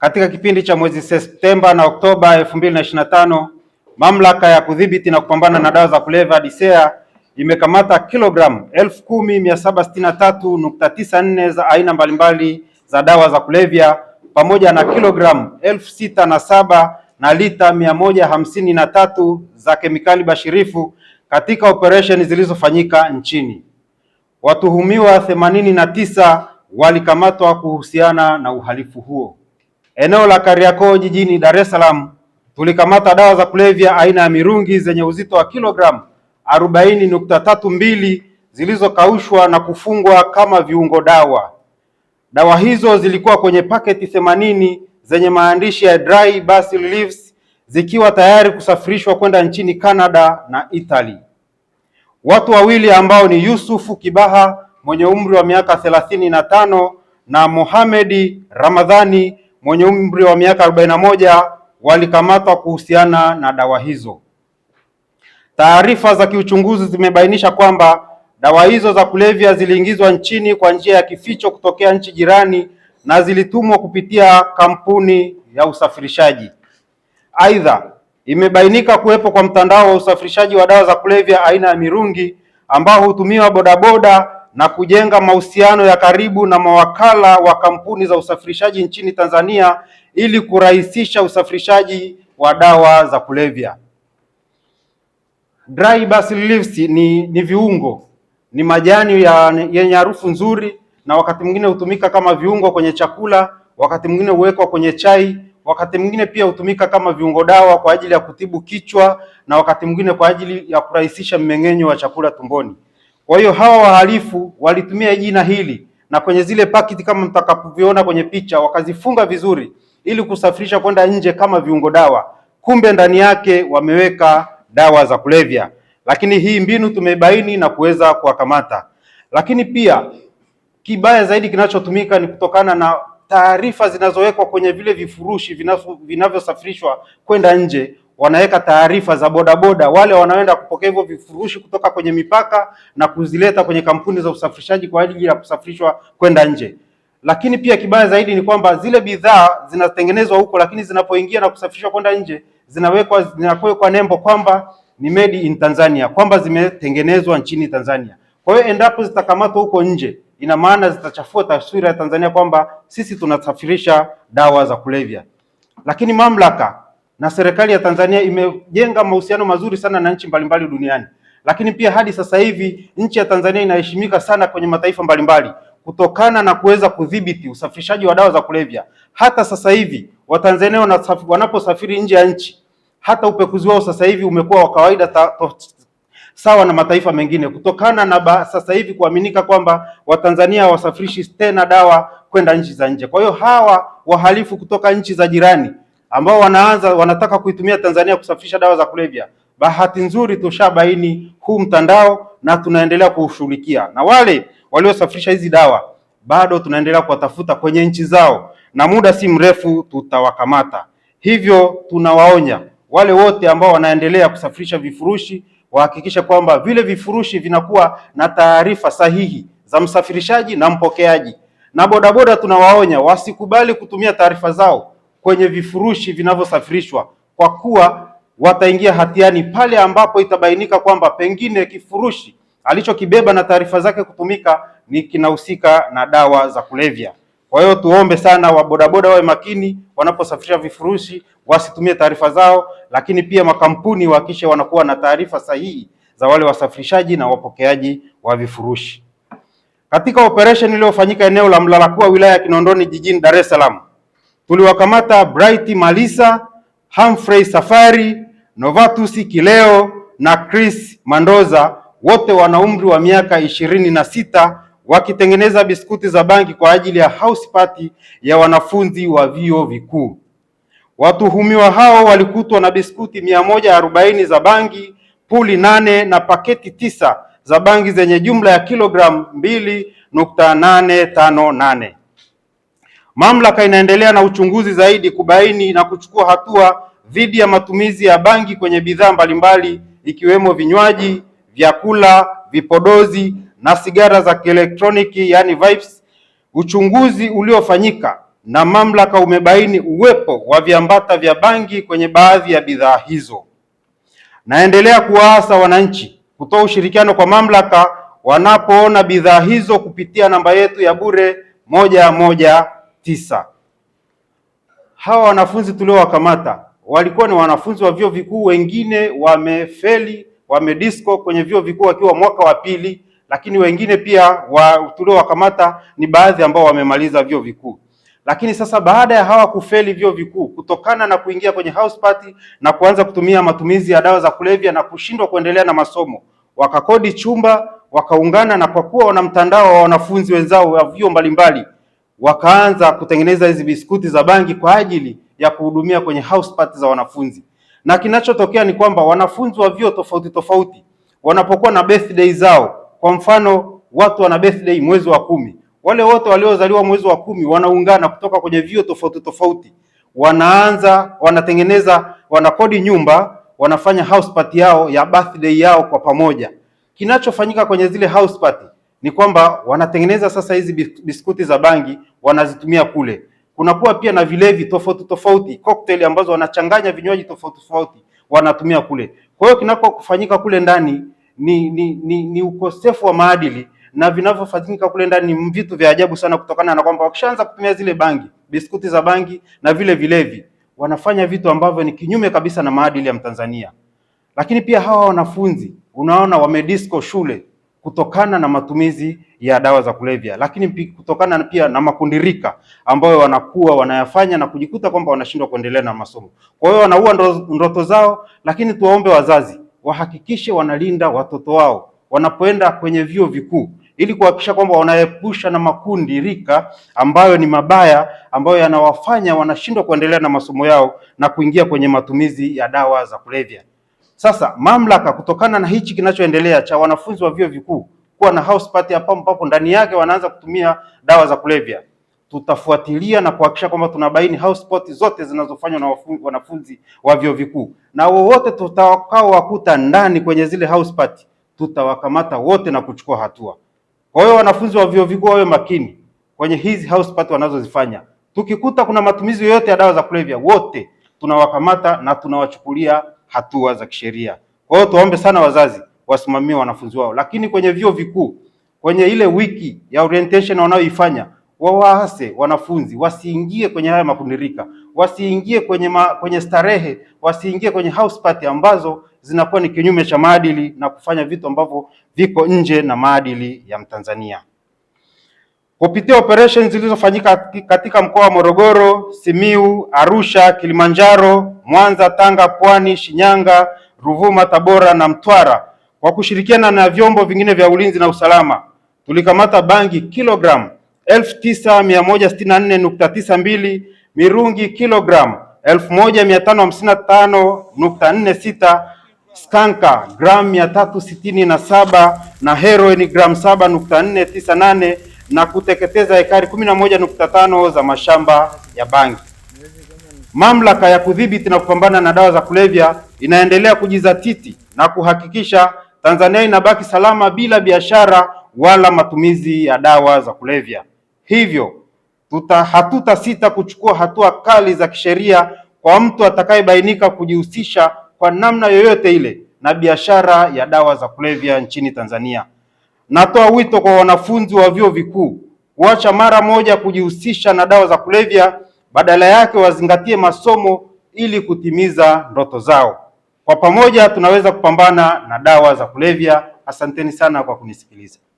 Katika kipindi cha mwezi Septemba na Oktoba 2025, Mamlaka ya Kudhibiti na Kupambana na Dawa za Kulevya DCEA imekamata kilogramu 10763.94 za aina mbalimbali za dawa za kulevya pamoja na kilogramu 6007 na na lita 153 za kemikali bashirifu katika operesheni zilizofanyika nchini. Watuhumiwa 89 walikamatwa kuhusiana na uhalifu huo eneo la Kariakoo jijini Dar es Salaam tulikamata dawa za kulevya aina ya mirungi zenye uzito wa kilogramu arobaini nukta tatu mbili zilizokaushwa na kufungwa kama viungo dawa. Dawa hizo zilikuwa kwenye paketi themanini zenye maandishi ya dry basil leaves zikiwa tayari kusafirishwa kwenda nchini Canada na Italy. Watu wawili ambao ni Yusufu Kibaha mwenye umri wa miaka thelathini na tano na Mohamedi Ramadhani mwenye umri wa miaka 41 walikamatwa kuhusiana na dawa hizo. Taarifa za kiuchunguzi zimebainisha kwamba dawa hizo za kulevya ziliingizwa nchini kwa njia ya kificho kutokea nchi jirani na zilitumwa kupitia kampuni ya usafirishaji. Aidha, imebainika kuwepo kwa mtandao wa usafirishaji wa dawa za kulevya aina ya mirungi ambao hutumiwa bodaboda na kujenga mahusiano ya karibu na mawakala wa kampuni za usafirishaji nchini Tanzania ili kurahisisha usafirishaji wa dawa za kulevya. Dry basil leaves ni, ni viungo, ni majani ya, yenye harufu nzuri na wakati mwingine hutumika kama viungo kwenye chakula, wakati mwingine huwekwa kwenye chai, wakati mwingine pia hutumika kama viungo dawa kwa ajili ya kutibu kichwa na wakati mwingine kwa ajili ya kurahisisha mmeng'enyo wa chakula tumboni. Kwa hiyo hawa wahalifu walitumia jina hili na kwenye zile pakiti kama mtakapoviona kwenye picha, wakazifunga vizuri ili kusafirisha kwenda nje kama viungo dawa, kumbe ndani yake wameweka dawa za kulevya. Lakini hii mbinu tumebaini na kuweza kuwakamata. Lakini pia kibaya zaidi kinachotumika ni kutokana na taarifa zinazowekwa kwenye vile vifurushi vinavyosafirishwa kwenda nje, wanaweka taarifa za bodaboda wale wanaoenda kupokea hivyo vifurushi kutoka kwenye mipaka na kuzileta kwenye kampuni za usafirishaji kwa ajili ya kusafirishwa kwenda nje. Lakini pia kibaya zaidi ni kwamba zile bidhaa zinatengenezwa huko, lakini zinapoingia na kusafirishwa kwenda nje zinawekwa zinawekwa nembo kwamba ni made in Tanzania, kwamba zimetengenezwa nchini Tanzania. Kwa hiyo endapo zitakamatwa huko nje, ina maana zitachafua taswira ya Tanzania kwamba sisi tunasafirisha dawa za kulevya. Lakini mamlaka na serikali ya Tanzania imejenga mahusiano mazuri sana na nchi mbalimbali duniani, lakini pia hadi sasa hivi nchi ya Tanzania inaheshimika sana kwenye mataifa mbalimbali kutokana na kuweza kudhibiti usafirishaji wa dawa za kulevya. Hata sasa hivi Watanzania wanaposafiri nje ya nchi, hata upekuzi wao sasa hivi umekuwa wa kawaida sawa na mataifa mengine, kutokana na ba, sasa hivi kuaminika kwamba Watanzania wasafirishi tena dawa kwenda nchi za nje. Kwa hiyo hawa wahalifu kutoka nchi za jirani ambao wanaanza wanataka kuitumia Tanzania kusafisha dawa za kulevya. Bahati nzuri tushabaini huu mtandao na tunaendelea kuushughulikia, na wale waliosafirisha hizi dawa bado tunaendelea kuwatafuta kwenye nchi zao, na muda si mrefu tutawakamata. Hivyo tunawaonya wale wote ambao wanaendelea kusafirisha vifurushi wahakikishe kwamba vile vifurushi vinakuwa na taarifa sahihi za msafirishaji na mpokeaji, na bodaboda tunawaonya wasikubali kutumia taarifa zao kwenye vifurushi vinavyosafirishwa kwa kuwa wataingia hatiani pale ambapo itabainika kwamba pengine kifurushi alichokibeba na taarifa zake kutumika ni kinahusika na dawa za kulevya. Kwa hiyo tuombe sana wabodaboda wawe makini wanaposafirisha vifurushi, wasitumie taarifa zao, lakini pia makampuni wahakikishe wanakuwa na taarifa sahihi za wale wasafirishaji na wapokeaji wa vifurushi. Katika operesheni iliyofanyika eneo la Mlalakuwa wilaya ya Kinondoni jijini Dar es Salaam tuliwakamata Bright Malisa, Humphrey Safari, Novatus Kileo na Chris Mandoza, wote wana umri wa miaka ishirini na sita wakitengeneza biskuti za bangi kwa ajili ya house party ya wanafunzi wa vyuo vikuu. Watuhumiwa hao walikutwa na biskuti mia moja arobaini za bangi, puli nane na paketi tisa za bangi zenye jumla ya kilogramu mbili nukta nane tano nane. Mamlaka inaendelea na uchunguzi zaidi kubaini na kuchukua hatua dhidi ya matumizi ya bangi kwenye bidhaa mbalimbali ikiwemo vinywaji, vyakula, vipodozi na sigara za kielektroniki yani vapes. Uchunguzi uliofanyika na mamlaka umebaini uwepo wa viambata vya bangi kwenye baadhi ya bidhaa hizo. Naendelea kuwaasa wananchi kutoa ushirikiano kwa mamlaka wanapoona bidhaa hizo kupitia namba yetu ya bure moja moja tisa. Hawa wanafunzi tuliowakamata walikuwa ni wanafunzi wa vyuo vikuu, wengine wamefeli, wamedisco kwenye vyuo vikuu wakiwa mwaka wa pili, lakini wengine pia wa tuliowakamata ni baadhi ambao wamemaliza vyuo vikuu. Lakini sasa baada ya hawa kufeli vyuo vikuu kutokana na kuingia kwenye house party na kuanza kutumia matumizi ya dawa za kulevya na kushindwa kuendelea na masomo, wakakodi chumba, wakaungana na kwa kuwa wana mtandao wa wanafunzi wenzao wa vyuo mbalimbali wakaanza kutengeneza hizi biskuti za bangi kwa ajili ya kuhudumia kwenye house party za wanafunzi, na kinachotokea ni kwamba wanafunzi wa vyuo tofauti tofauti wanapokuwa na birthday zao, kwa mfano watu wana birthday mwezi wa kumi, wale wote waliozaliwa mwezi wa kumi wanaungana kutoka kwenye vyuo tofauti tofauti, wanaanza wanatengeneza, wanakodi nyumba, wanafanya house party yao ya birthday yao kwa pamoja. Kinachofanyika kwenye zile house party ni kwamba wanatengeneza sasa hizi biskuti za bangi wanazitumia kule. Kunakuwa pia na vilevi tofauti tofauti, cocktail ambazo wanachanganya vinywaji tofauti tofauti wanatumia kule. Kwa hiyo kinakofanyika kule ndani ni, ni, ni, ni ukosefu wa maadili na vinavyofanyika kule ndani ni vitu vya ajabu sana, kutokana na kwamba wakishaanza kutumia zile bangi, biskuti za bangi na vile vilevi, wanafanya vitu ambavyo ni kinyume kabisa na maadili ya Mtanzania. Lakini pia hawa wanafunzi unaona wamedisco shule kutokana na matumizi ya dawa za kulevya, lakini kutokana pia na makundirika ambayo wanakuwa wanayafanya na kujikuta kwamba wanashindwa kuendelea na masomo. Kwa hiyo wanaua ndoto zao, lakini tuwaombe wazazi wahakikishe wanalinda watoto wao wanapoenda kwenye vyuo vikuu ili kuhakikisha kwamba wanaepusha na makundi rika ambayo ni mabaya ambayo yanawafanya wanashindwa kuendelea na masomo yao na kuingia kwenye matumizi ya dawa za kulevya. Sasa mamlaka, kutokana na hichi kinachoendelea cha wanafunzi wa vyuo vikuu kuwa na house party hapo ambapo ndani yake wanaanza kutumia dawa za kulevya, tutafuatilia na kuhakikisha kwamba tunabaini house party zote zinazofanywa na wanafunzi wa vyuo vikuu, na wowote tutakao wakuta ndani kwenye zile house party tutawakamata wote na kuchukua hatua. Kwa hiyo wanafunzi wa vyuo vikuu wawe makini kwenye hizi house party wanazozifanya. Tukikuta kuna matumizi yoyote ya dawa za kulevya, wote tunawakamata na tunawachukulia hatua za kisheria. Kwa hiyo tuwaombe sana wazazi wasimamie wanafunzi wao, lakini kwenye vyuo vikuu, kwenye ile wiki ya orientation wanayoifanya wawaase wanafunzi wasiingie kwenye haya makundirika, wasiingie kwenye, ma, kwenye starehe, wasiingie kwenye house party ambazo zinakuwa ni kinyume cha maadili na kufanya vitu ambavyo viko nje na maadili ya Mtanzania kupitia operesheni zilizofanyika katika mkoa wa Morogoro, Simiu, Arusha, Kilimanjaro, Mwanza, Tanga, Pwani, Shinyanga, Ruvuma, Tabora na Mtwara kwa kushirikiana na vyombo vingine vya ulinzi na usalama tulikamata bangi kilogramu 9164.92, mirungi kilogramu 1555.46, skanka gramu 367 na heroin gramu 7.498 na kuteketeza hekari 11.5 za mashamba ya bangi. Mamlaka ya kudhibiti na kupambana na dawa za kulevya inaendelea kujizatiti na kuhakikisha Tanzania inabaki salama bila biashara wala matumizi ya dawa za kulevya. Hivyo tuta hatutasita kuchukua hatua kali za kisheria kwa mtu atakayebainika kujihusisha kwa namna yoyote ile na biashara ya dawa za kulevya nchini Tanzania. Natoa wito kwa wanafunzi wa vyuo vikuu kuacha mara moja kujihusisha na dawa za kulevya, badala yake wazingatie masomo ili kutimiza ndoto zao. Kwa pamoja tunaweza kupambana na dawa za kulevya. Asanteni sana kwa kunisikiliza.